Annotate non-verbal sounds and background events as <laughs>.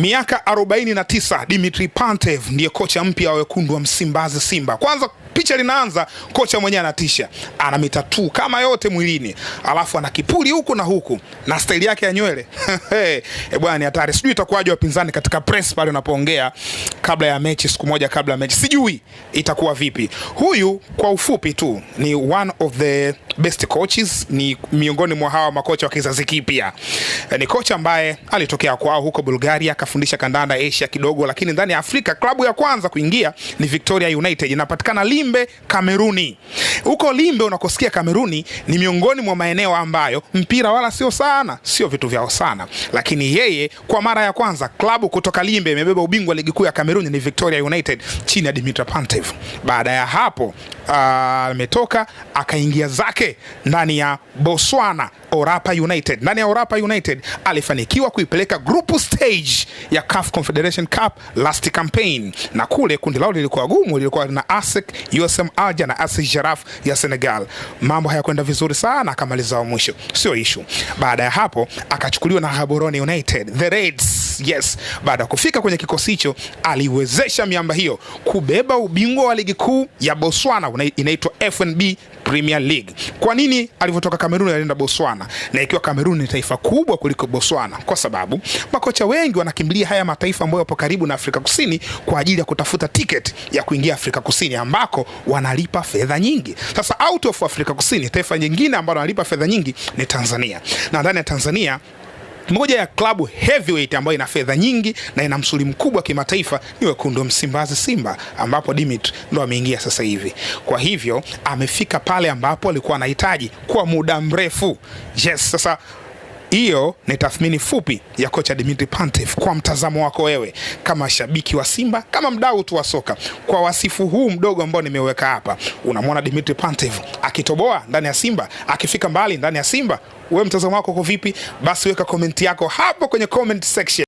Miaka 49 Dimitri Pantev ndiye kocha mpya wa wekundu wa Msimbazi Simba. Kwanza picha linaanza, kocha mwenyewe anatisha, ana tu kama yote mwilini, alafu ana kipuli huku na huku na staili yake ya nywele <laughs> eh bwana, ni hatari. Sijui itakuwaje wapinzani katika press pale unapoongea kabla ya mechi, siku moja kabla ya mechi, sijui itakuwa vipi. Huyu kwa ufupi tu ni one of the best coaches, ni miongoni mwa hawa makocha wa kizazi kipya. Eh, ni kocha ambaye alitokea kwao huko Bulgaria, akafundisha kandanda Asia kidogo, lakini ndani ya Afrika klabu ya kwanza kuingia ni Victoria United, inapatikana Limbe Kameruni. Huko Limbe unakosikia Kameruni ni miongoni mwa maeneo ambayo mpira wala sio sana, sio vitu vyao sana, lakini yeye kwa mara ya kwanza klabu kutoka Limbe imebeba ubingwa ligi kuu ya Kameruni ni Victoria United chini ya Dimitar Pantev. Baada ya hapo ametoka uh, akaingia zake ndani ya Botswana Orapa United. Ndani ya Orapa United alifanikiwa kuipeleka group stage ya CAF Confederation Cup last campaign, na kule kundi lao lilikuwa gumu, lilikuwa na ASEC, USM Alger na AS Giraffe ya Senegal. Mambo hayakwenda vizuri sana, akamaliza wa mwisho, sio ishu. Baada ya hapo akachukuliwa na Gaborone United, the Reds. Yes, baada ya kufika kwenye kikosi hicho aliwezesha miamba hiyo kubeba ubingwa wa ligi kuu ya Botswana inaitwa FNB Premier League. Kwa nini alivyotoka Kamerun alienda Botswana, na ikiwa Kamerun ni taifa kubwa kuliko Botswana? Kwa sababu makocha wengi wanakimbilia haya mataifa ambayo yapo karibu na Afrika Kusini kwa ajili ya kutafuta tiketi ya kuingia Afrika Kusini ambako wanalipa fedha nyingi. Sasa out of Afrika Kusini, taifa nyingine ambalo wanalipa fedha nyingi ni Tanzania, na ndani ya Tanzania moja ya klabu Heavyweight ambayo ina fedha nyingi na ina msuli mkubwa kimataifa ni wekundu Msimbazi, Simba, ambapo Dimitri ndo ameingia sasa hivi. Kwa hivyo amefika pale ambapo alikuwa anahitaji kwa muda mrefu. Yes, sasa hiyo ni tathmini fupi ya kocha Dimitri Pantev kwa mtazamo wako wewe, kama shabiki wa Simba, kama mdau tu wa soka, kwa wasifu huu mdogo ambao nimeweka hapa, unamwona Dimitri Pantev akitoboa ndani ya Simba, akifika mbali ndani ya Simba. Wewe mtazamo wako uko vipi? Basi weka komenti yako hapo kwenye comment section.